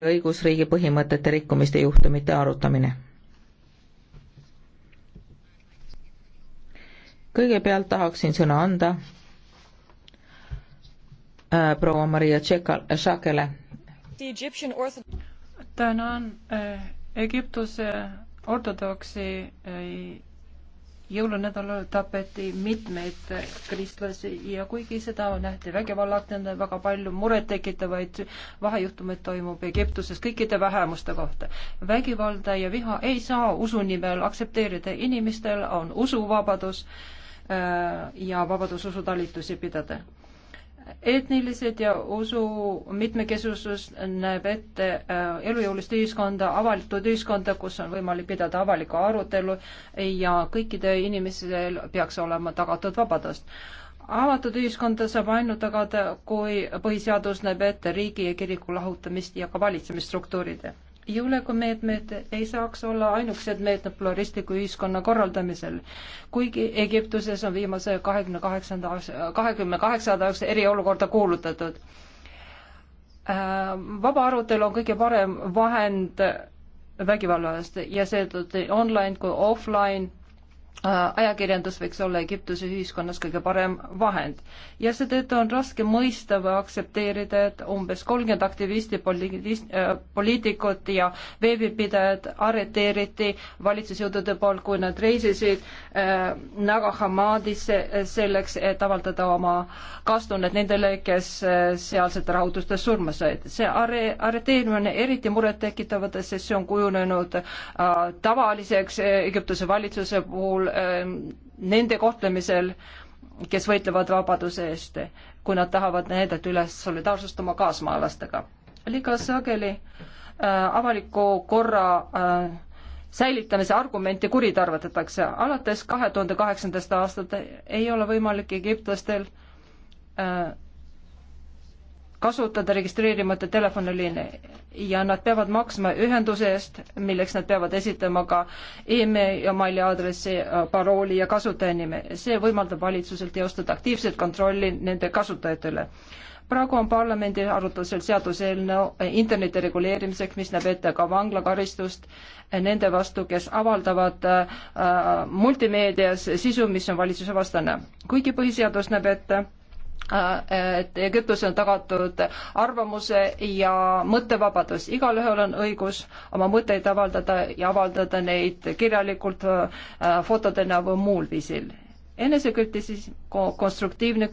õigusriigi põhimõtete rikkumiste juhtumite arutamine. kõigepealt tahaksin sõna anda äh, proua Maria Tšekale. tänan äh, Egiptuse ortodoksi äh, jõulunädalal tapeti mitmeid kristlasi ja kuigi seda nähti vägivallaktina, väga palju murettekitavaid vahejuhtumeid toimub Egiptuses kõikide vähemuste kohta. vägivalda ja viha ei saa usu nimel aktsepteerida, inimestel on usuvabadus äh, ja vabadus usutalitusi pidada etnilised ja usu mitmekesisus näeb ette äh, elujõulist ühiskonda, avatud ühiskonda, kus on võimalik pidada avalikku arutelu ja kõikide inimesel peaks olema tagatud vabadust. avatud ühiskonda saab ainult tagada, kui põhiseadus näeb ette riigi ja kiriku lahutamist ja ka valitsemisstruktuuride julgeolekumeetmed ei saaks olla ainukesed meetmed pluralistliku ühiskonna korraldamisel, kuigi Egiptuses on viimase kahekümne kaheksanda aasta, kahekümne kaheksanda aasta eriolukorda kuulutatud. Äh, vaba arutelu on kõige parem vahend vägivalla eest ja seetõttu online kui offline Äh, ajakirjandus võiks olla Egiptuse ühiskonnas kõige parem vahend ja seetõttu on raske mõista või aktsepteerida, et umbes kolmkümmend aktivisti, äh, poliitikut ja veebipidajat arreteeriti valitsusjõudude poolt, kui nad reisisid äh, Naga Hamadisse äh, selleks, et avaldada oma kastunnet nendele, kes äh, sealsete rahutustes surma said. see arre-, arreteerimine eriti murettekitav, sest see on kujunenud äh, tavaliseks Egiptuse valitsuse puhul, puhul äh, nende kohtlemisel, kes võitlevad vabaduse eest, kui nad tahavad näidata üles solidaarsust oma kaasmaalastega. liiga sageli äh, avaliku korra äh, säilitamise argumenti kuritarvitatakse. alates kahe tuhande kaheksandast aastat ei ole võimalik egiptlastel äh, kasutada registreerimata telefoniliine ja nad peavad maksma ühenduse eest, milleks nad peavad esitama ka email ja maili aadressi, äh, parooli ja kasutajanime. see võimaldab valitsusel teostada aktiivset kontrolli nende kasutajate üle. praegu on parlamendi arutlusel seaduseelnõu äh, interneti reguleerimiseks, mis näeb ette ka vanglakaristust äh, nende vastu, kes avaldavad äh, multimeedias sisu, mis on valitsuse vastane. kuigi põhiseadus näeb ette et Egiptus on tagatud arvamuse ja mõttevabadus. igalühel on õigus oma mõtteid avaldada ja avaldada neid kirjalikult, äh, fotodena või muul viisil enesekriitisis, konstruktiivne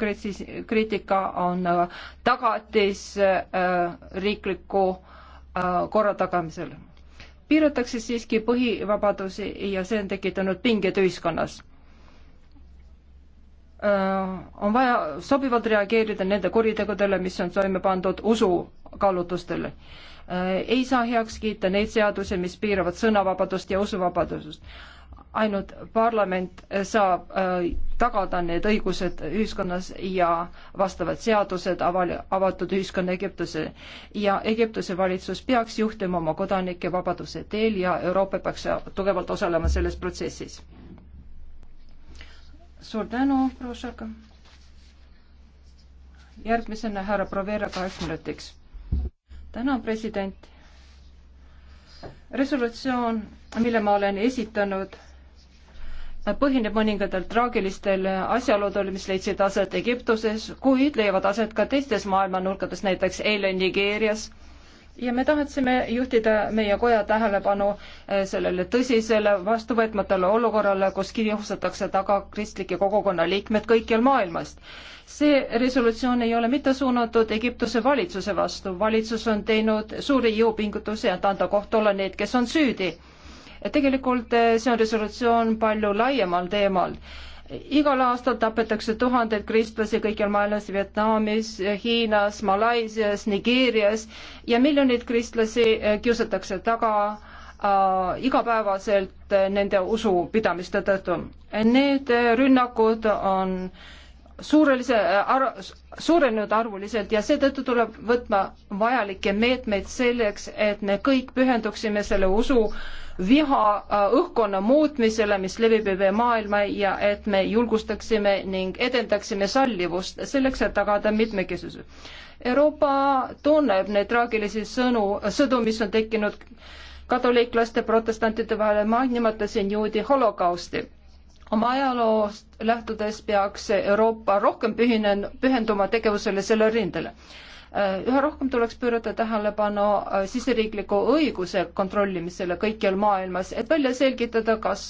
kriitika on äh, tagatis äh, riikliku korra tagamisel. piiratakse siiski põhivabadusi ja see on tekitanud pinged ühiskonnas Äh, on vaja sobivalt reageerida nende kuritegudele, mis on toime pandud usukaalutlustele. Äh, ei saa heaks kiita neid seadusi, mis piiravad sõnavabadust ja usuvabadust. ainult parlament saab äh, tagada need õigused ühiskonnas ja vastavad seadused aval-, avatud ühiskonna Egiptuse. ja Egiptuse valitsus peaks juhtima oma kodanike vabaduse teel ja Euroopa peaks tugevalt osalema selles protsessis suur tänu, proua Šaka. järgmisena härra Provera kaheks minutiks. tänan, president. resolutsioon, mille ma olen esitanud, põhineb mõningatel traagilistel asjaoludel, mis leidsid aset Egiptuses, kuid leiavad aset ka teistes maailma nurkades, näiteks eile Nigeerias ja me tahtsime juhtida meie koja tähelepanu eh, sellele tõsisele vastuvõtmatule olukorrale, kus kiusatakse taga kristlike kogukonna liikmed kõikjal maailmast. see resolutsioon ei ole mitte suunatud Egiptuse valitsuse vastu, valitsus on teinud suuri jõupingutusi, et anda koht olla neid, kes on süüdi. tegelikult eh, see on resolutsioon palju laiemal teemal igal aastal tapetakse tuhandeid kristlasi kõikjal maailmas, Vietnamis, Hiinas, Malaisias, Nigeerias ja miljoneid kristlasi eh, kiusatakse taga äh, igapäevaselt eh, nende usupidamiste tõttu. Need eh, rünnakud on suurelise ar-, suurenenud arvuliselt ja seetõttu tuleb võtma vajalikke meetmeid selleks, et me kõik pühenduksime selle usu äh, viha äh, õhkkonna muutmisele, mis levib üle maailma ja et me julgustaksime ning edendaksime sallivust selleks, et tagada mitmekesisus. Euroopa tunneb neid traagilisi sõnu, sõdu, mis on tekkinud katoliiklaste, protestantide vahel, ma nimetasin juudi holokausti oma ajaloost lähtudes peaks Euroopa rohkem pühinen, pühenduma tegevusele selle rindele. Äh, üha rohkem tuleks pöörata tähelepanu äh, siseriikliku õiguse kontrollimisele kõikjal maailmas, et välja selgitada, kas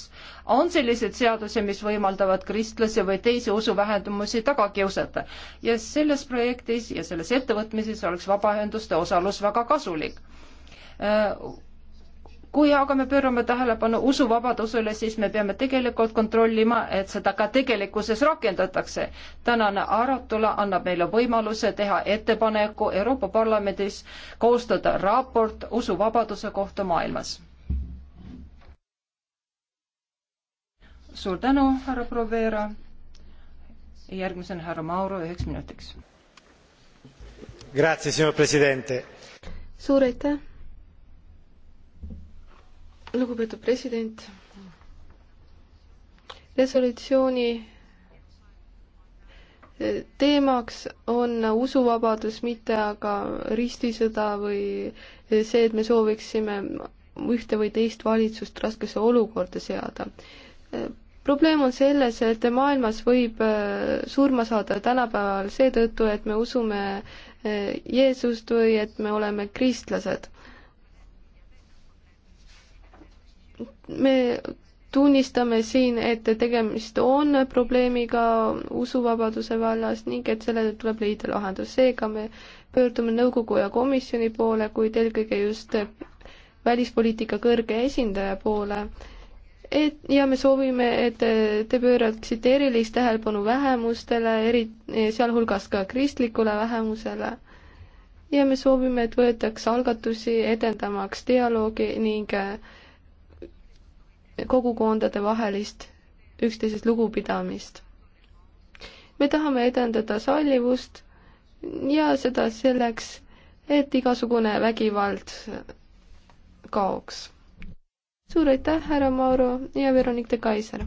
on selliseid seadusi, mis võimaldavad kristlasi või teisi usuvähendumusi taga kiusata. ja selles projektis ja selles ettevõtmises oleks vabaühenduste osalus väga kasulik äh, kui aga me pöörame tähelepanu usuvabadusele, siis me peame tegelikult kontrollima, et seda ka tegelikkuses rakendatakse. tänane arutelu annab meile võimaluse teha ettepaneku Euroopa Parlamendis koostada raport usuvabaduse kohta maailmas. suur tänu, härra Provera. järgmisena härra Mauro üheks minutiks. suur aitäh lugupeetud president, resolutsiooni eh, teemaks on usuvabadus, mitte aga ristisõda või eh, see, et me sooviksime ühte või teist valitsust raskesse olukorda seada. Eh, probleem on selles, et maailmas võib surma saada tänapäeval seetõttu, et me usume Jeesust või et me oleme kristlased. me tunnistame siin, et tegemist on probleemiga usuvabaduse vallas ning et sellele tuleb leida lahendus. seega me pöördume nõukogu ja komisjoni poole, kuid eelkõige just välispoliitika kõrge esindaja poole. et ja me soovime, et te pööraksite erilist tähelepanu vähemustele, eri, sealhulgas ka kristlikule vähemusele ja me soovime, et võetaks algatusi edendamaks dialoogi ning äh, kogukondade vahelist üksteisest lugupidamist. me tahame edendada sallivust ja seda selleks, et igasugune vägivald kaoks. suur aitäh, härra Mauro ja Veronika de Kaiser!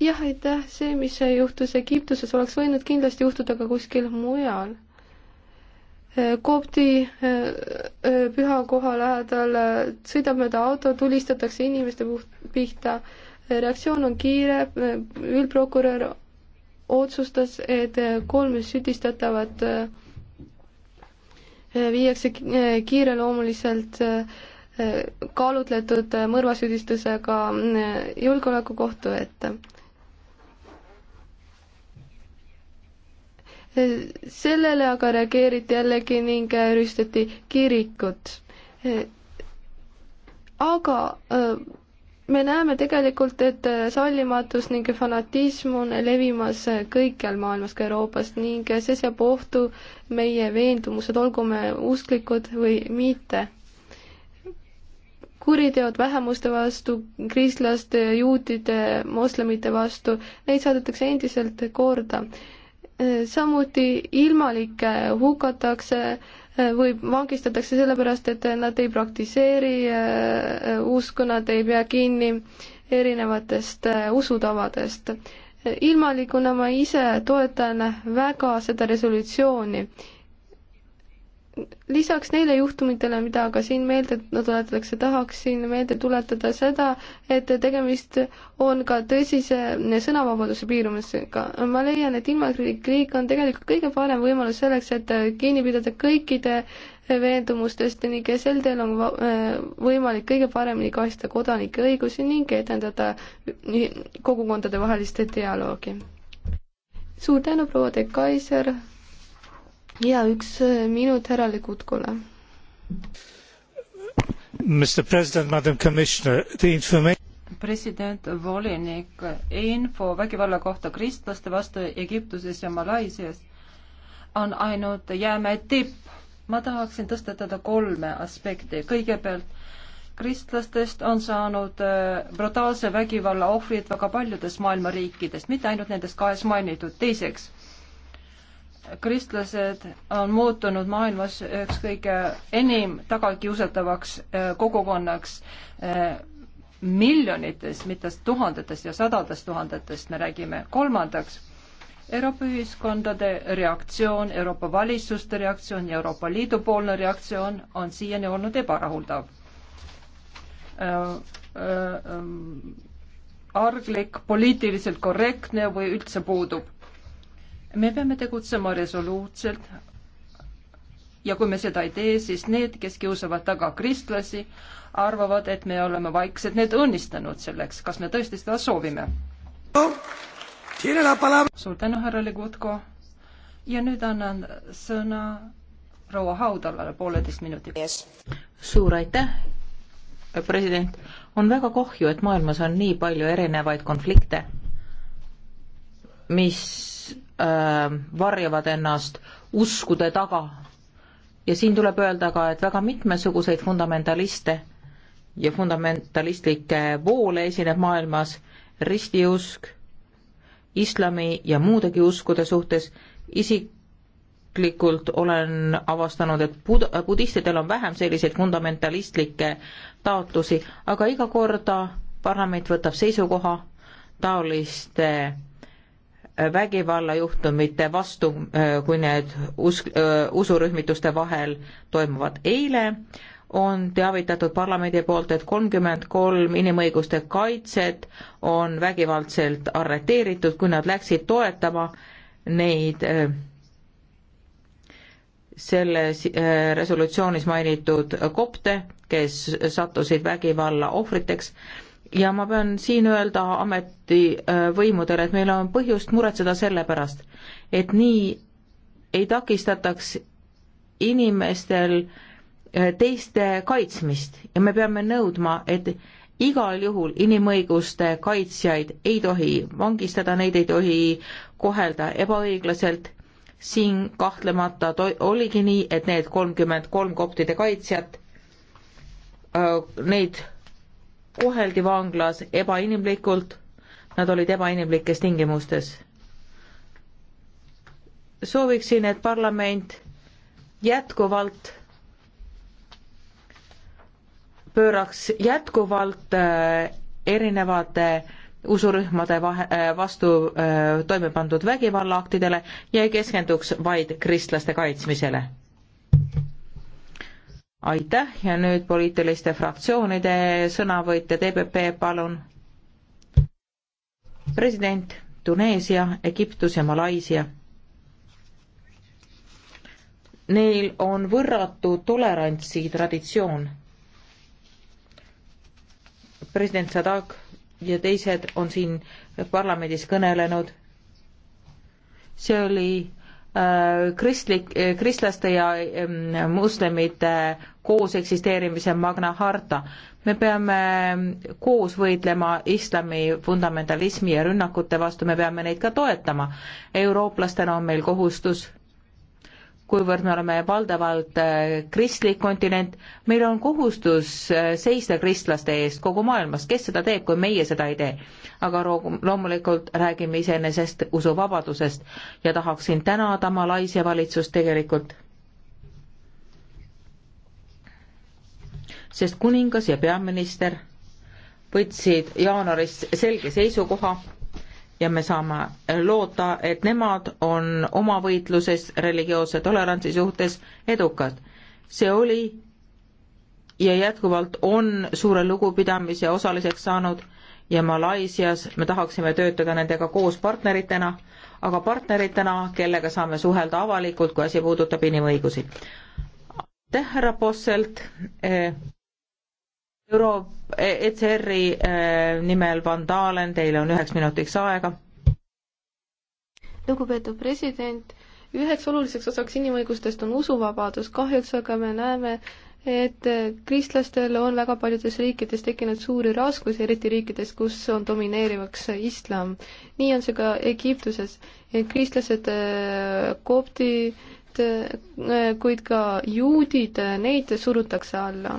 jah, aitäh, see, mis juhtus Egiptuses, oleks võinud kindlasti juhtuda ka kuskil mujal kopti äh, äh, pühakoha lähedal, äh, sõidab mööda auto, tulistatakse inimeste pihta, reaktsioon on kiire, üldprokurör otsustas, et kolm süüdistatavat viiakse kiireloomuliselt kaalutletud mõrvasüüdistusega julgeolekukohtu ette sellele aga reageeriti jällegi ning rüüstati kirikut. aga äh, me näeme tegelikult, et sallimatus ning fanatism on levimas kõikjal maailmas, ka Euroopas ning see seab ohtu meie veendumused, olgu me usklikud või mitte. kuriteod vähemuste vastu, kristlaste, juutide, moslemite vastu, neid saadetakse endiselt korda samuti ilmalikke hukatakse eh, või vangistatakse sellepärast, et nad ei praktiseeri eh, usku, nad ei pea kinni erinevatest eh, usutavadest. ilmalikuna ma ise toetan väga seda resolutsiooni lisaks neile juhtumitele, mida ka siin meelde tuletatakse, tahaksin meelde tuletada seda, et tegemist on ka tõsise sõnavabaduse piiramisega. ma leian, et ilmakriik on tegelikult kõige parem võimalus selleks, et kinni pidada kõikide veendumustest ning sel teel on äh, võimalik kõige paremini kaitsta kodanike õigusi ning edendada kogukondade vahelist dialoogi. suur tänu, proua de Kaiser! ja üks e, minut härra Legutkole. Mr President, Madam Commissioner, the information president, volinik, info vägivalla kohta kristlaste vastu Egiptuses ja Malaisias on ainult jäämäe tipp. ma tahaksin tõstatada kolme aspekti. kõigepealt, kristlastest on saanud e, brutaalse vägivalla ohvrid väga paljudes maailma riikides, mitte ainult nendes kahes mainitud. teiseks, kristlased on muutunud maailmas üheks kõige enim tagakiusatavaks äh, kogukonnaks äh, miljonites, mitte tuhandetest ja sadadest tuhandetest me räägime. kolmandaks, Euroopa ühiskondade reaktsioon, Euroopa valitsuste reaktsioon ja Euroopa Liidu poolne reaktsioon on siiani olnud ebarahuldav. Äh, ähm, arglik, poliitiliselt korrektne või üldse puudub me peame tegutsema resoluutselt ja kui me seda ei tee, siis need, kes kiusavad taga kristlasi, arvavad, et me oleme vaikselt need õnnistanud selleks. kas me tõesti seda soovime? suur tänu, härra Legutko. ja nüüd annan sõna proua Haudalale pooleteist minutit yes.. suur aitäh, president. on väga kahju, et maailmas on nii palju erinevaid konflikte, mis äh, varjavad ennast uskude taga. ja siin tuleb öelda ka, et väga mitmesuguseid fundamentaliste ja fundamentalistlikke voole esineb maailmas ristiusk, islami ja muudegi uskude suhtes, isiklikult olen avastanud, et bud-, budistidel on vähem selliseid fundamentalistlikke taotlusi, aga iga korda parlament võtab seisukoha taoliste äh, vägivallajuhtumite vastu, äh, kui need usk-, äh, usurühmituste vahel toimuvad. eile on teavitatud parlamendi poolt, et kolmkümmend kolm inimõiguste kaitset on vägivaldselt arreteeritud, kui nad läksid toetama neid äh, selles resolutsioonis mainitud kopte, kes sattusid vägivalla ohvriteks ja ma pean siin öelda ametivõimudele, et meil on põhjust muretseda selle pärast, et nii ei takistataks inimestel eh, teiste kaitsmist ja me peame nõudma, et igal juhul inimõiguste kaitsjaid ei tohi vangistada, neid ei tohi kohelda ebaõiglaselt. siin kahtlemata to-, oligi nii, et need kolmkümmend kolm koptide kaitsjat, eh, neid koheldi vanglas ebainimlikult, nad olid ebainimlikes tingimustes. sooviksin, et parlament jätkuvalt pööraks jätkuvalt äh, erinevate usurühmade vahe, äh, vastu äh, toime pandud vägivallaaktidele ja ei keskenduks vaid kristlaste kaitsmisele aitäh ja nüüd poliitiliste fraktsioonide sõnavõtjad, EPP, palun. president, Tuneesia, Egiptus ja Malaisia. Neil on võrratu tolerantsi traditsioon. president Sadak ja teised on siin parlamendis kõnelenud. see oli Äh, kristlik, äh, kristlaste ja ähm, moslemite koos eksisteerimise Magna harta. me peame ähm, koos võidlema islami fundamentalismi ja rünnakute vastu, me peame neid ka toetama. eurooplastena on meil kohustus kuivõrd me oleme valdavalt äh, kristlik kontinent, meil on kohustus äh, seista kristlaste eest kogu maailmas, kes seda teeb, kui meie seda ei tee. aga loomulikult räägime iseenesest usuvabadusest ja tahaksin tänada Malaisia valitsust tegelikult. sest kuningas ja peaminister võtsid jaanuaris selge seisukoha ja me saame loota, et nemad on oma võitluses religioosse tolerantsi suhtes edukad. see oli ja jätkuvalt on suure lugupidamise osaliseks saanud ja Malaisias me tahaksime töötada nendega koos partneritena, aga partneritena, kellega saame suhelda avalikult, kui asi puudutab inimõigusi. aitäh, härra Posselt eh,, Euro-, ECR-i e äh, nimel Van Dalen, teil on üheks minutiks aega. lugupeetud president, üheks oluliseks osaks inimõigustest on usuvabadus, kahjuks aga me näeme, et kristlastel on väga paljudes riikides tekkinud suuri raskusi, eriti riikides, kus on domineerivaks islam. nii on see ka Egiptuses. kristlased, äh, koptid, äh, kuid ka juudid, neid surutakse alla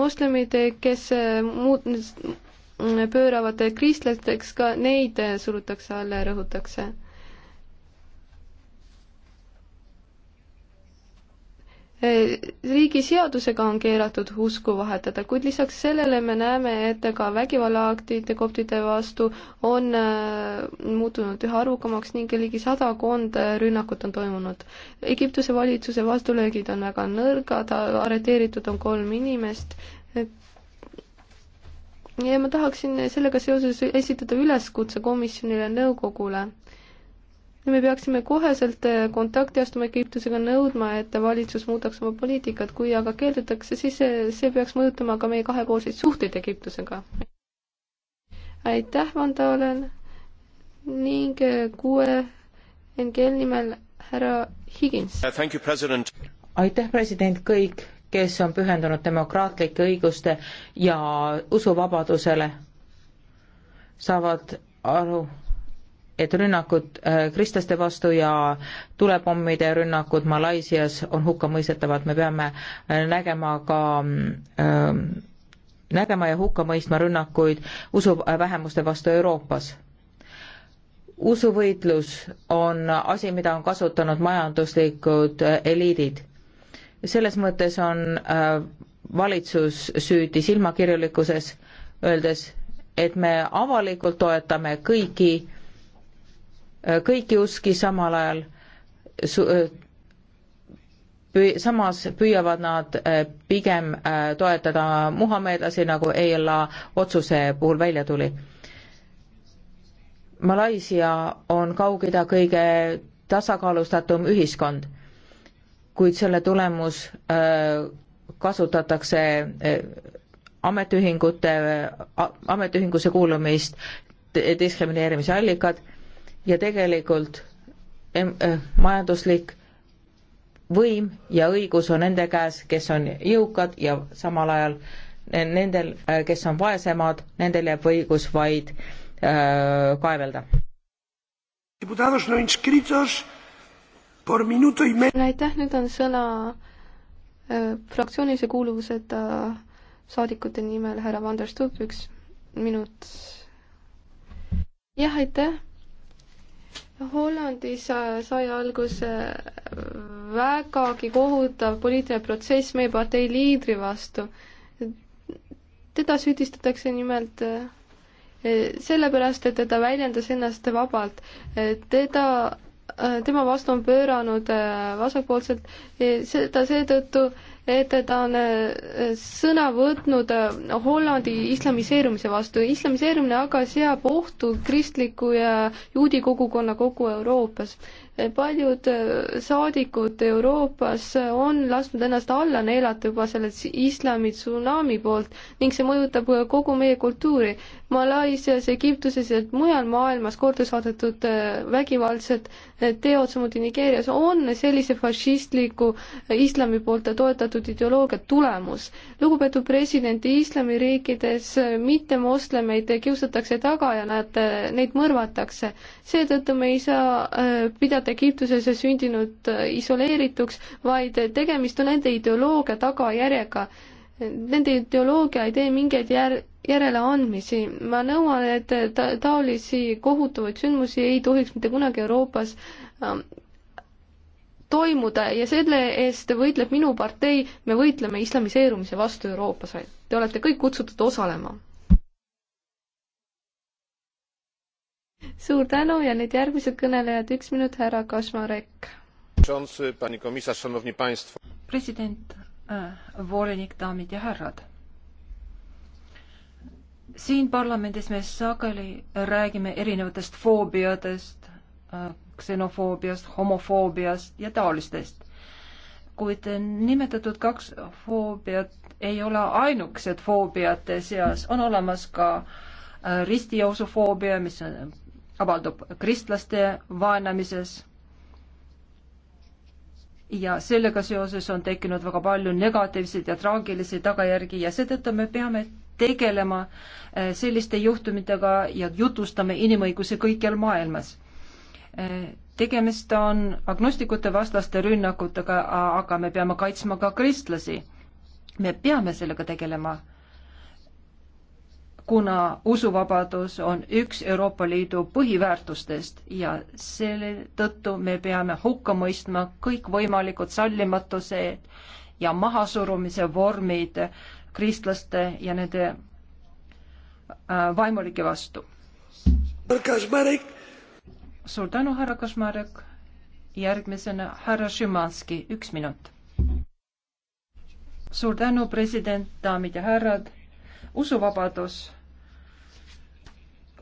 moslemid, kes äh, muud, pööravad kristlasteks, ka neid surutakse alla ja rõhutakse Äh, riigi seadusega on keelatud usku vahetada, kuid lisaks sellele me näeme, et ka vägivallaaktid koptide vastu on äh, muutunud üha arvukamaks ning ligi sadakond rünnakut on toimunud. Egiptuse valitsuse vastulöögid on väga nõrgad, arreteeritud on kolm inimest, ja ma tahaksin sellega seoses esitada üleskutse komisjonile ja nõukogule ja me peaksime koheselt eh, kontakti astuma Egiptusega nõudma, et valitsus muudaks oma poliitikat, kui aga keeldutakse, siis see, see peaks mõjutama ka meie kahepoolseid suhteid Egiptusega. aitäh, Vanda Olen ning eh, kuue NGL nimel härra Higins. aitäh, president, kõik, kes on pühendunud demokraatlike õiguste ja usuvabadusele, saavad aru et rünnakud äh, kristlaste vastu ja tulepommide rünnakud Malaisias on hukkamõistetavad, me peame äh, nägema ka ähm, nägema ja hukka mõistma rünnakuid usuvähemuste vastu Euroopas. usuvõitlus on asi, mida on kasutanud majanduslikud äh, eliidid. selles mõttes on valitsus süüdi silmakirjalikkuses, öeldes, et me avalikult toetame kõiki kõiki uski samal ajal püü-, samas püüavad nad pigem toetada muhamedlasi, nagu ELA otsuse puhul välja tuli. Malaisia on Kaug-Ida kõige tasakaalustatum ühiskond, kuid selle tulemus kasutatakse ametiühingute, ametiühingusse kuulumist diskrimineerimise allikad ja tegelikult äh, majanduslik võim ja õigus on nende käes, kes on jõukad ja samal ajal nendel, äh, kes on vaesemad, nendel jääb õigus vaid äh, kaevelda. aitäh, nüüd on sõna äh, fraktsioonilise kuuluvuseta äh, saadikute nimel härra Vander Stubb, üks minut. jah, aitäh Hollandis sai alguse vägagi kohutav poliitiline protsess meie partei liidri vastu. teda süüdistatakse nimelt eh, sellepärast, et ta väljendas ennast vabalt. Eh, teda, eh, tema vastu on pööranud vasakpoolselt seda seetõttu, et ta on äh, sõna võtnud äh, Hollandi islamiseerumise vastu. islamiseerumine aga seab ohtu kristliku ja juudi kogukonna kogu Euroopas. paljud äh, saadikud Euroopas on lasknud ennast alla neelata juba selle islami tsunami poolt ning see mõjutab kogu meie kultuuri. Malaisias, Egiptuses ja mujal maailmas korda saadetud vägivaldsed teod, samuti Nigeerias, on sellise fašistliku islami poolt toetatud rakendatud ideoloogia tulemus. lugupeetud president, islamiriikides mittemoslemeid kiusatakse taga ja nad, äh, neid mõrvatakse. seetõttu me ei saa äh, pidada Egiptuses sündinud äh, isoleerituks, vaid tegemist on nende ideoloogia tagajärjega. Nende ideoloogia ei tee mingeid jär-, järeleandmisi. ma nõuan, et ta-, taolisi kohutavaid sündmusi ei tohiks mitte kunagi Euroopas toimuda ja selle eest võitleb minu partei, me võitleme islamiseerumise vastu Euroopas. Te olete kõik kutsutud osalema. suur tänu ja nüüd järgmised kõnelejad, üks minut, härra Kašmarek. president äh,, volinik, daamid ja härrad siin parlamendis me sageli räägime erinevatest foobiatest, äh, ksenofoobiast, homofoobiast ja taolistest. kuid nimetatud kaks foobiat ei ole ainukesed foobiate seas, on olemas ka äh, ristijoosufoogia, mis äh, avaldub kristlaste vaenamises. ja sellega seoses on tekkinud väga palju negatiivseid ja traagilisi tagajärgi ja seetõttu me peame tegelema äh, selliste juhtumitega ja jutustame inimõigusi kõikjal maailmas tegemist on agnostikute vastaste rünnakutega, aga me peame kaitsma ka kristlasi. me peame sellega tegelema, kuna usuvabadus on üks Euroopa Liidu põhiväärtustest ja selle tõttu me peame hukka mõistma kõikvõimalikud sallimatuse ja mahasurumise vormid kristlaste ja nende äh, vaimulike vastu. Kas Marek suur tänu, härra Kašmarek. järgmisena härra Šimanski, üks minut. suur tänu, president, daamid ja härrad. usuvabadus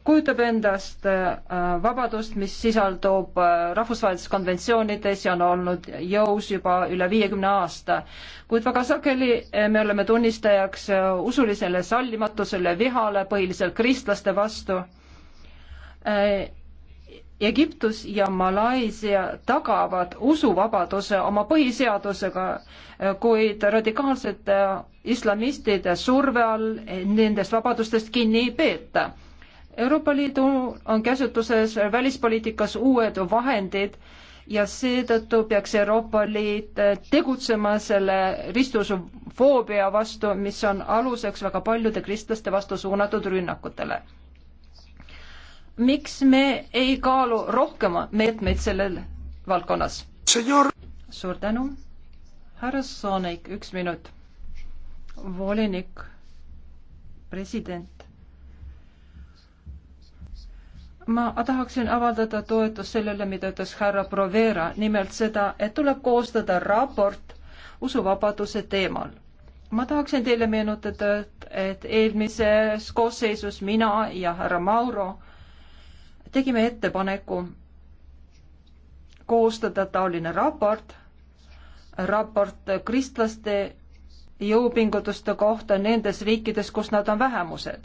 kujutab endast äh, vabadust, mis sisaldub äh, rahvusvahelistes konventsioonides ja on olnud jõus juba üle viiekümne aasta. kuid väga sageli äh, me oleme tunnistajaks usulisele sallimatusele, vihale põhiliselt kristlaste vastu Egiptus ja Malaisia tagavad usuvabaduse oma põhiseadusega, kuid radikaalsete islamistide surve all nendest vabadustest kinni ei peeta. Euroopa Liidu on käsutuses välispoliitikas uued vahendid ja seetõttu peaks Euroopa Liit tegutsema selle ristusofoobia vastu, mis on aluseks väga paljude kristlaste vastu suunatud rünnakutele miks me ei kaalu rohkem meetmeid sellel valdkonnas? suur tänu. härra Soonik, üks minut. volinik, president. ma tahaksin avaldada toetust sellele, mida ütles härra Provera, nimelt seda, et tuleb koostada raport usuvabaduse teemal ma tahaksin teile meenutada, et eelmises koosseisus mina ja härra Mauro tegime ettepaneku koostada taoline raport, raport kristlaste jõupingutuste kohta nendes riikides, kus nad on vähemused.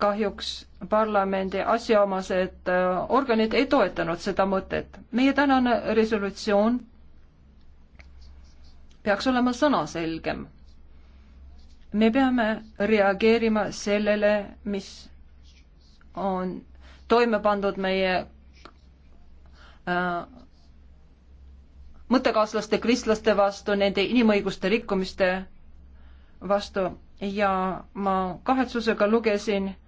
kahjuks parlamendi asjaomased äh, organid ei toetanud seda mõtet. meie tänane resolutsioon peaks olema sõnaselgem. me peame reageerima sellele, mis on toime pandud meie äh, mõttekaaslaste kristlaste vastu, nende inimõiguste rikkumiste vastu ja ma kahetsusega lugesin äh,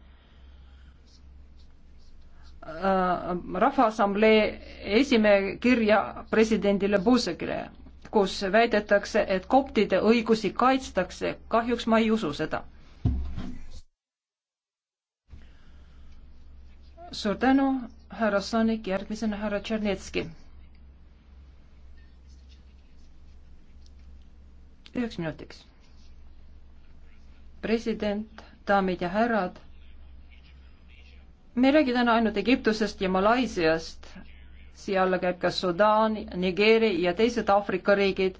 Rahvaassamblee esimehe kirja presidendile Buzekile, kus väidetakse, et koptide õigusi kaitstakse, kahjuks ma ei usu seda suur tänu, härra Sonik, järgmisena härra Tšernetski. üheks minutiks. president, daamid ja härrad. me ei räägi täna ainult Egiptusest ja Malaisiast, siia alla käib ka Sudaan, Nigeeri ja teised Aafrika riigid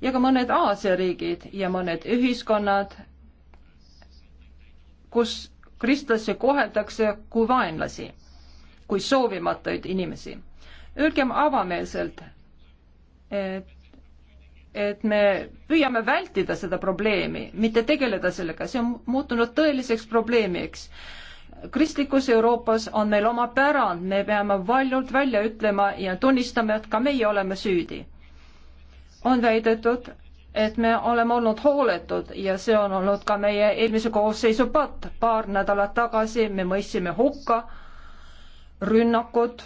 ja ka mõned Aasia riigid ja mõned ühiskonnad, kus kristlasi koheldakse kui vaenlasi, kui soovimatuid inimesi. Öelgem avameelselt, et, et me püüame vältida seda probleemi, mitte tegeleda sellega, see on muutunud tõeliseks probleemiks kristlikus Euroopas on meil oma pärand, me peame valjult välja ütlema ja tunnistama, et ka meie oleme süüdi. on väidetud, et me oleme olnud hooletud ja see on olnud ka meie eelmise koosseisu patt. paar nädalat tagasi me mõistsime hukka rünnakud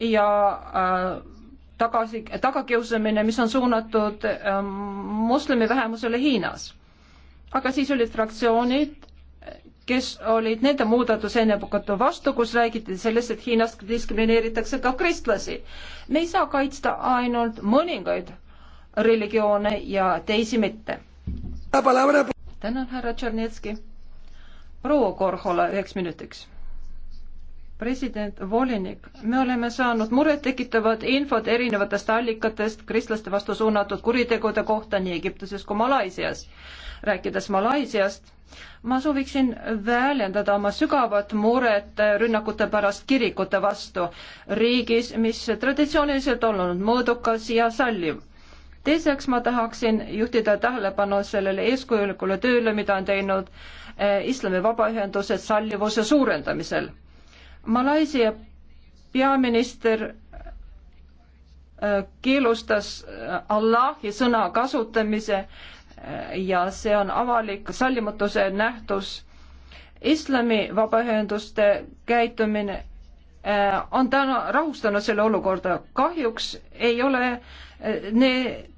ja äh, tagasi, tagakiusamine, mis on suunatud ähm, moslemi vähemusele Hiinas. aga siis olid fraktsioonid kes olid nende muudatusettepanekute vastu, kus räägiti sellest, et Hiinas diskrimineeritakse ka kristlasi. me ei saa kaitsta ainult mõningaid religioone ja teisi mitte. tänan, härra Tšernetski. proua Korhola üheks minutiks president Volinik, me oleme saanud murettekitavat infot erinevatest allikatest kristlaste vastu suunatud kuritegude kohta nii Egiptuses kui Malaisias. rääkides Malaisiast ma sooviksin väljendada oma sügavat muret rünnakute pärast kirikute vastu riigis, mis traditsiooniliselt on olnud mõõdukas ja salliv. teiseks ma tahaksin juhtida tähelepanu sellele eeskujulikule tööle, mida on teinud eh, islami vabaühendused sallivuse suurendamisel. Malaisia peaminister eh, keelustas eh, Allahi sõna kasutamise äh, ja see on avalik sallimatuse nähtus. islami vabaühenduste käitumine äh, on täna rahustanud selle olukorda. kahjuks ei ole äh, need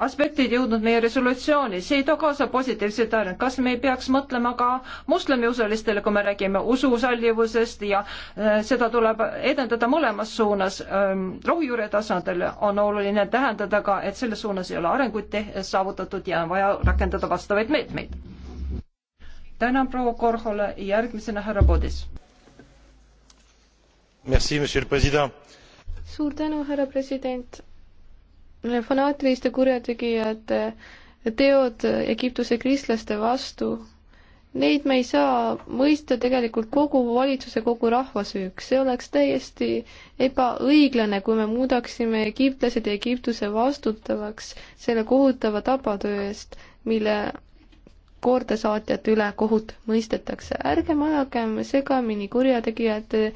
aspektid jõudnud meie resolutsiooni, see ei too kaasa positiivset arengut. kas me ei peaks mõtlema ka moslemiusalistele, kui me räägime ususallivusest ja äh, seda tuleb edendada mõlemas suunas ähm,. rohujuure tasandil on oluline tähendada ka, et selles suunas ei ole arenguid saavutatud ja on vaja rakendada vastavaid meetmeid. tänan proua Korhole, järgmisena härra Bodis. suur tänu, härra president fanaatiliste kurjategijate teod Egiptuse kristlaste vastu, neid me ei saa mõista tegelikult kogu valitsuse, kogu rahva süüks, see oleks täiesti ebaõiglane, kui me muudaksime egiptlased ja Egiptuse vastutavaks selle kohutava tabatöö eest, mille kordasaatjate üle kohut mõistetakse. ärgem ajagem segamini kurjategijate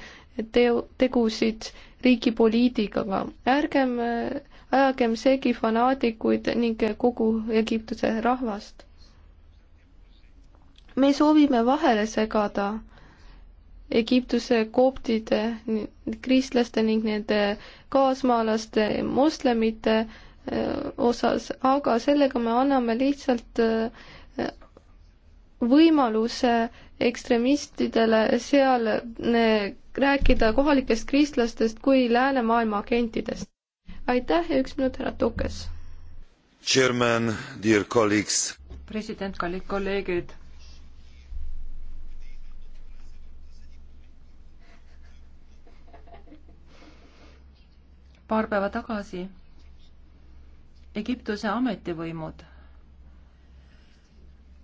teo, tegusid riigi poliitikaga. ärgem äh, ajagem segi fanaatikuid ning kogu Egiptuse rahvast. me soovime vahele segada Egiptuse kooptide, kristlaste ning nende kaasmaalaste, moslemite äh, osas, aga sellega me anname lihtsalt äh, võimaluse ekstremistidele seal rääkida kohalikest kristlastest kui läänemaailma agentidest. aitäh ja üks minut, härra Tukes. Chairman, dear colleagues. president, kallid kolleegid. paar päeva tagasi Egiptuse ametivõimud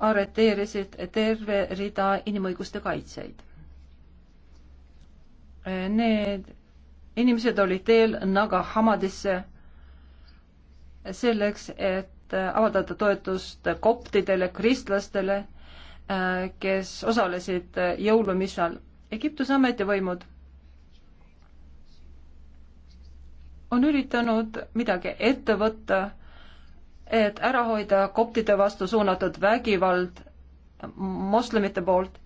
arreteerisid terve rida inimõiguste kaitsjaid Need inimesed olid teel Nagahamadisse selleks, et avaldada toetust koptidele, kristlastele, äh, kes osalesid jõulumissal. Egiptuse ametivõimud on üritanud midagi ette võtta, et ära hoida koptide vastu suunatud vägivald moslemite poolt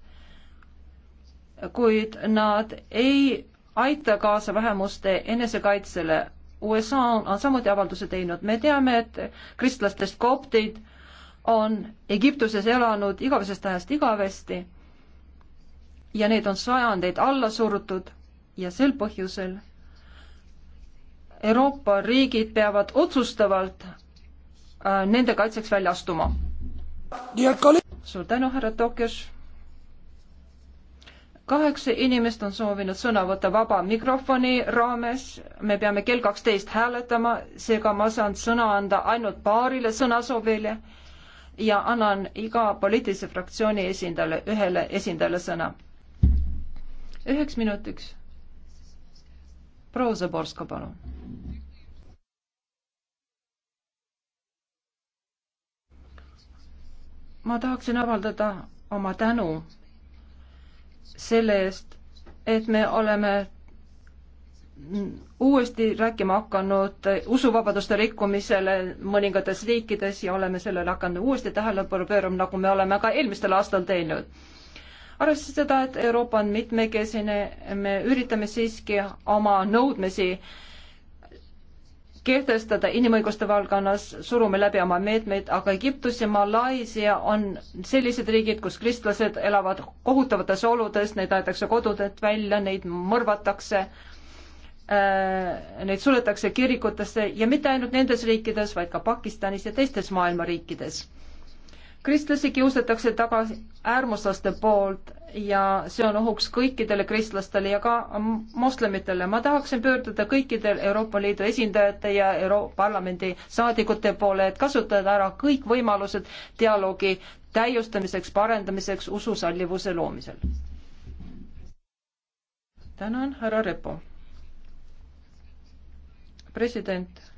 kuid nad ei aita kaasa vähemuste enesekaitsele. USA on, on samuti avalduse teinud, me teame, et kristlastest koptid on Egiptuses elanud igavesest ajast igavesti ja need on sajandeid alla surutud ja sel põhjusel Euroopa riigid peavad otsustavalt äh, nende kaitseks välja astuma. suur tänu, härra Tokios kaheksa inimest on soovinud sõna võtta vaba mikrofoni raames, me peame kell kaksteist hääletama, seega ma saan sõna anda ainult paarile sõnasoovile ja annan iga poliitilise fraktsiooni esindajale, ühele esindajale sõna. üheks minutiks. proua Zaborska, palun. ma tahaksin avaldada oma tänu selle eest, et me oleme uuesti rääkima hakanud usuvabaduste rikkumisele mõningates riikides ja oleme sellele hakanud uuesti tähelepanu pöörama, nagu me oleme ka eelmistel aastal teinud. arvestades seda, et Euroopa on mitmekesine, me üritame siiski oma nõudmisi äh, kehtestada inimõiguste valdkonnas, surume läbi oma meetmeid, aga Egiptus ja Malaisia on sellised riigid, kus kristlased elavad kohutavates oludes, neid aetakse kodudelt välja, neid mõrvatakse, äh, neid suletakse kirikutesse ja mitte ainult nendes riikides, vaid ka Pakistanis ja teistes maailma riikides kristlasi kiusatakse tagasi äärmuslaste poolt ja see on ohuks kõikidele kristlastele ja ka moslemitele. ma tahaksin pöörduda kõikidel Euroopa Liidu esindajate ja Euroopa Parlamendi saadikute poole, et kasutada ära kõik võimalused dialoogi täiustamiseks, parendamiseks, ususallivuse loomisel. tänan, härra Repo. president,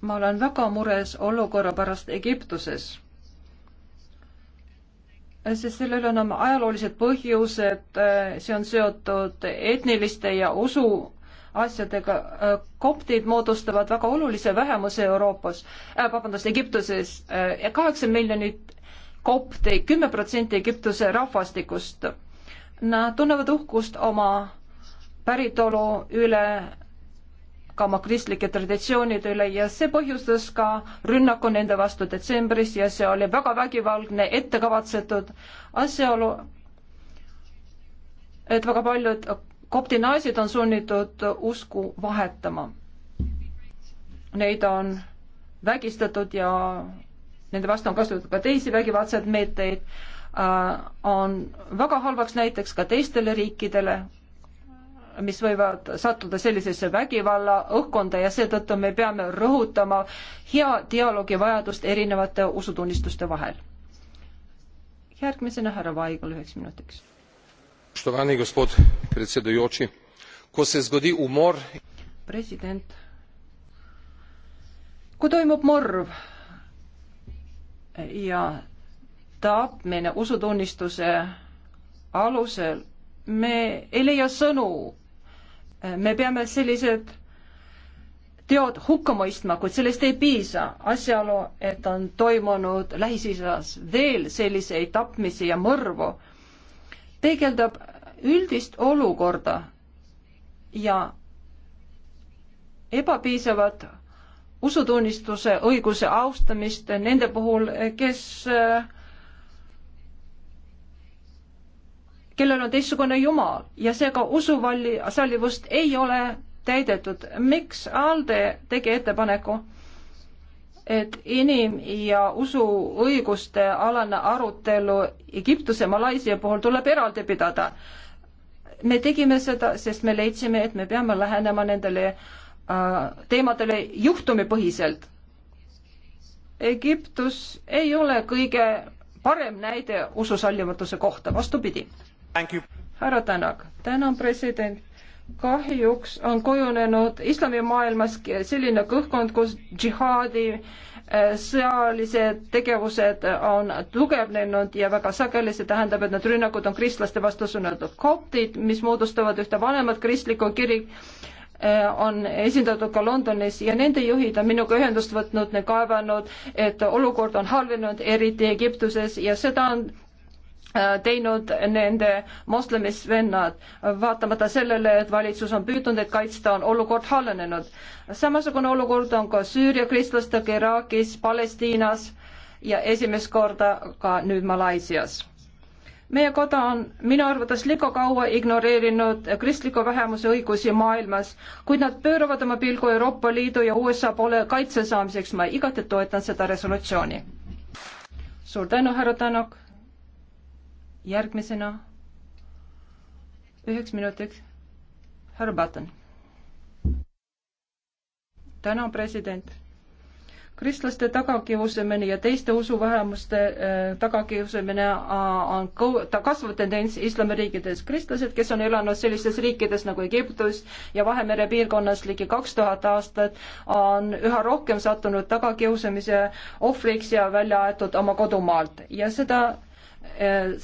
ma olen väga mures olukorra pärast Egiptuses sest sellel on oma ajaloolised põhjused, see on seotud etniliste ja usu asjadega. koptid moodustavad väga olulise vähemuse Euroopas äh,, vabandust, Egiptuses äh,, kaheksa miljonit kopti, kümme protsenti Egiptuse rahvastikust. Nad tunnevad uhkust oma päritolu üle ka oma kristlike traditsioonide üle ja see põhjustas ka rünnaku nende vastu detsembris ja see oli väga vägivaldne, ettekavatsetud asjaolu, et väga paljud kopti naised on sunnitud usku vahetama. Neid on vägistatud ja nende vastu on kasutatud ka teisi vägivaldseid meetmeid, äh, on väga halvaks näiteks ka teistele riikidele mis võivad sattuda sellisesse vägivalla õhkkonda ja seetõttu me peame rõhutama hea dialoogi vajadust erinevate usutunnistuste vahel. järgmisena härra Vaigel üheks minutiks. president, kui toimub morv ja tapmine usutunnistuse alusel me ei leia sõnu me peame sellised teod hukka mõistma, kuid sellest ei piisa. asjaolu, et on toimunud Lähis-Idas veel selliseid tapmisi ja mõrvu, peegeldab üldist olukorda ja ebapiisavat usutunnistuse õiguse austamist nende puhul, kes äh, kellel on teistsugune jumal ja seega usuvalli sallivust ei ole täidetud. miks ALDE tegi ettepaneku, et inim- ja usuõiguste alane arutelu Egiptuse, Malaisia puhul tuleb eraldi pidada? me tegime seda, sest me leidsime, et me peame lähenema nendele äh, teemadele juhtumipõhiselt. Egiptus ei ole kõige parem näide ususallimatuse kohta, vastupidi härra Tänak, tänan, president. kahjuks on kujunenud islamimaailmas selline kõhkkond, kus džihaadi eh, sõjalised tegevused on tugevnenud ja väga sageli see tähendab, et need rünnakud on kristlaste vastu suunatud. koptid, mis moodustavad ühte vanemat kristlikku kirik, eh, on esindatud ka Londonis ja nende juhid on minuga ühendust võtnud, kaevanud, et olukord on halvenenud, eriti Egiptuses ja seda on Äh, teinud nende moslemisvennad, vaatamata sellele, et valitsus on püüdnud neid kaitsta, on olukord halvenenud. samasugune olukord on ka Süüria kristlastega Iraagis, Palestiinas ja esimest korda ka nüüd Malaisias. meie koda on minu arvates liiga kaua ignoreerinud kristliku vähemuse õigusi maailmas, kuid nad pööravad oma pilgu Euroopa Liidu ja USA poole kaitse saamiseks, ma igati toetan seda resolutsiooni. suur tänu, härra Tänak järgmisena üheks minutiks härra Batten. täna president kristlaste tagakiusamine ja teiste usuvähemuste äh, tagakiusamine äh, on kasvav tendents islamiriikides. kristlased, kes on elanud sellistes riikides nagu Egiptus ja Vahemere piirkonnas ligi kaks tuhat aastat, on üha rohkem sattunud tagakiusamise ohvriks ja välja aetud oma kodumaalt ja seda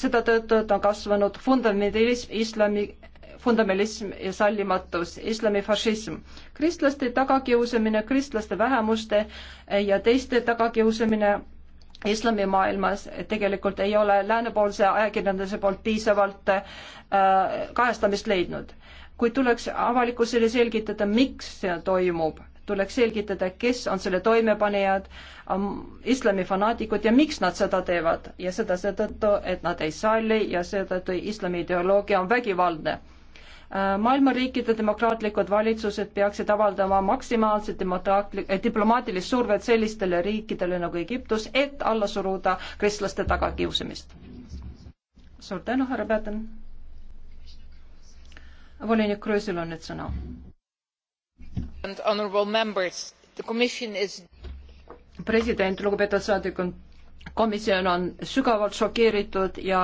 seda tõttu, et on kasvanud fundamentalism, islami, fundamentalism ja sallimatus, islamifašism. kristlaste tagakiusamine, kristlaste vähemuste ja teiste tagakiusamine islamimaailmas tegelikult ei ole läänepoolse ajakirjanduse poolt piisavalt äh, kajastamist leidnud. kuid tuleks avalikkusele selgitada, miks see toimub tuleks selgitada, kes on selle toimepanejad, islamifanaatikud ja miks nad seda teevad ja seda seetõttu, et nad ei salli ja seetõttu islami ideoloogia on vägivaldne äh, maailma riikide demokraatlikud valitsused peaksid avaldama maksimaalset eh, diplomaatilist survet sellistele riikidele nagu Egiptus, et alla suruda kristlaste tagakiusamist. suur tänu, härra Päten. volinik Krüüsil on nüüd sõna president, lugupeetud saadikud, komisjon on sügavalt šokeeritud ja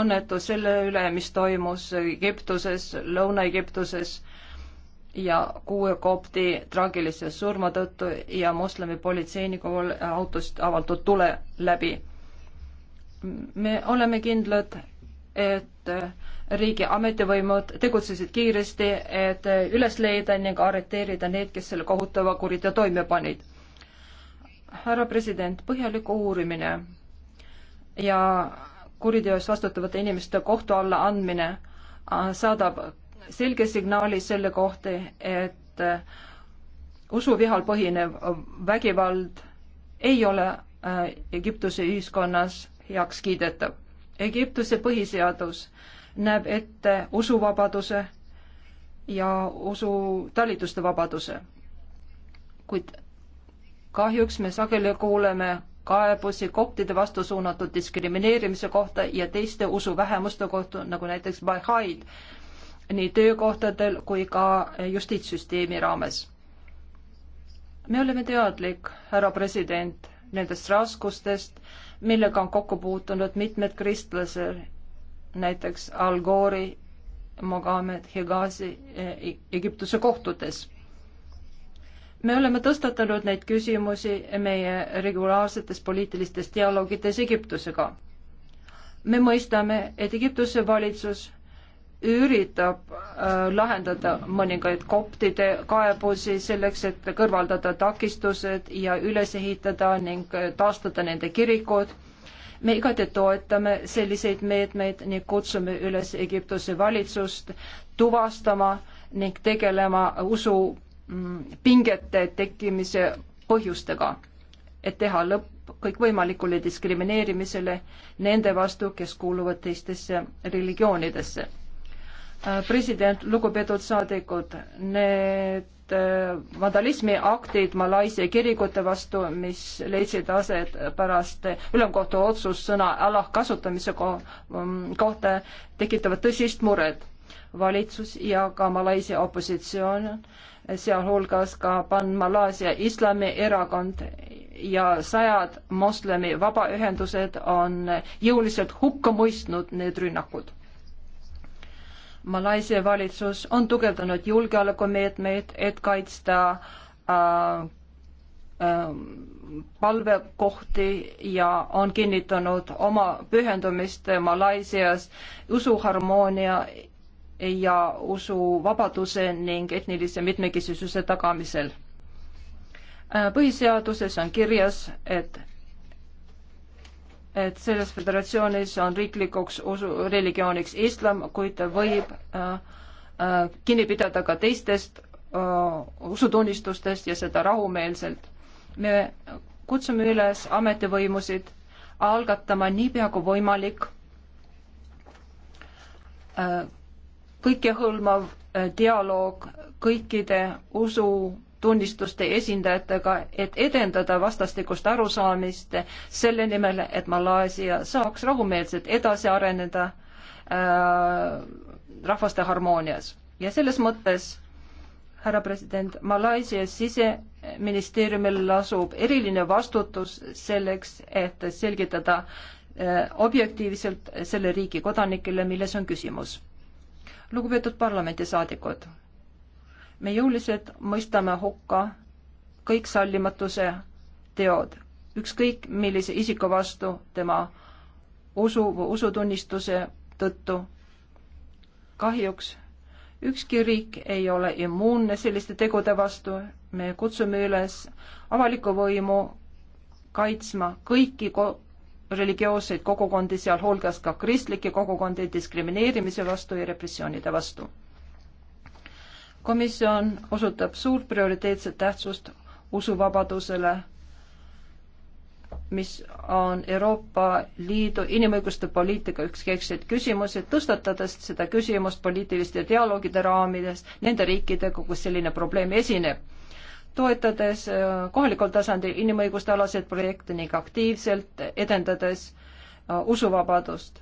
õnnetu selle üle, mis toimus Egiptuses, Lõuna-Egiptuses ja kuue kopti traagilise surma tõttu ja moslemi politseiniku autost avaldatud tule läbi. me oleme kindlad, et riigi ametivõimud tegutsesid kiiresti, et üles leida ning arreteerida need, kes selle kohutava kuriteo toime panid. härra president, põhjalik uurimine ja kuriteos vastutavate inimeste kohtu alla andmine äh, saadab selge signaali selle kohta, et äh, usuvihal põhinev vägivald ei ole äh, Egiptuse ühiskonnas heaks kiidetav. Egiptuse põhiseadus äh, näeb ette usuvabaduse ja usutalituste vabaduse. kuid kahjuks me sageli kuuleme kaebusi koptide vastu suunatud diskrimineerimise kohta ja teiste usuvähemuste kohta, nagu näiteks Bahaid, nii töökohtadel kui ka justiitssüsteemi raames. me oleme teadlik, härra president, nendest raskustest, millega on kokku puutunud mitmed kristlased näiteks Al Gore'i, Mugamet, Higazi e, e, Egiptuse kohtutes me oleme tõstatanud neid küsimusi meie regulaarsetes poliitilistes dialoogides Egiptusega. me mõistame, et Egiptuse valitsus üritab äh, lahendada mõningaid koptide kaebusi selleks, et kõrvaldada takistused ja üles ehitada ning taastada nende kirikud me igati toetame selliseid meetmeid ning kutsume üles Egiptuse valitsust tuvastama ning tegelema usu mm, pingete tekkimise põhjustega, et teha lõpp kõikvõimalikule diskrimineerimisele nende vastu, kes kuuluvad teistesse religioonidesse Äh, president, lugupeetud saadikud, need äh, vandalismi aktid Malaisia kirikute vastu, mis leidsid aset pärast ülemkohtu otsust sõna Allah kasutamise ko mm, kohta, tekitavad tõsist muret. valitsus ja ka Malaisia opositsioon, sealhulgas ka Pan-Malaisia Islamierakond ja sajad moslemi vabaühendused on jõuliselt hukka mõistnud need rünnakud Malaisia valitsus on tugevdanud julgeolekumeetmeid, et kaitsta äh, äh, palvekohti ja on kinnitanud oma pühendumist Malaisias usuharmoonia ja usuvabaduse ning etnilise mitmekesisuse tagamisel. Äh, põhiseaduses on kirjas, et et selles föderatsioonis on riiklikuks usu, religiooniks islam, kuid ta võib äh, äh, kinni pidada ka teistest äh, usutunnistustest ja seda rahumeelselt. me kutsume üles ametivõimusid algatama niipea kui võimalik äh, kõikehõlmav äh, dialoog kõikide usu tunnistuste esindajatega, et edendada vastastikust arusaamist selle nimel, et Malaisia saaks rahumeelselt edasi areneda äh, rahvaste harmoonias. ja selles mõttes, härra president, Malaisia siseministeeriumil lasub eriline vastutus selleks, et selgitada äh, objektiivselt selle riigi kodanikele, milles on küsimus. lugupeetud parlamendisaadikud me jõuliselt mõistame hukka kõik sallimatuse teod, ükskõik millise isiku vastu tema usu või usutunnistuse tõttu. kahjuks ükski riik ei ole immuunne selliste tegude vastu, me kutsume üles avalikku võimu kaitsma kõiki ko religioosseid kogukondi, sealhulgas ka kristlikke kogukondi diskrimineerimise vastu ja repressioonide vastu komisjon osutab suurt prioriteetset tähtsust usuvabadusele, mis on Euroopa Liidu inimõiguste poliitika üks keskseid küsimusi, tõstatades seda küsimust poliitiliste dialoogide raamides nende riikidega, kus selline probleem esineb. toetades äh, kohalikul tasandil inimõiguste alaseid projekte ning aktiivselt edendades äh, usuvabadust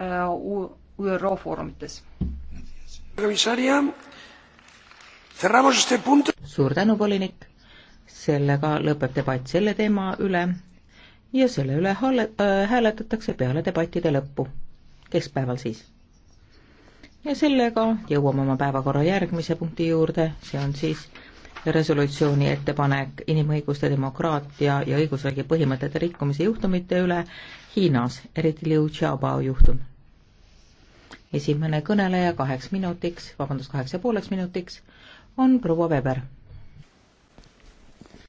äh, ÜRO foorumites suur tänu, volinik. sellega lõpeb debatt selle teema üle ja selle üle äh, hääletatakse peale debattide lõppu, keskpäeval siis. ja sellega jõuame oma päevakorra järgmise punkti juurde, see on siis resolutsiooni ettepanek inimõiguste, demokraatia ja õigusriigi põhimõtete rikkumise juhtumite üle Hiinas, eriti Liu Xiaobao juhtum. esimene kõneleja kaheks minutiks, vabandust, kaheksa ja pooleks minutiks on proua Weber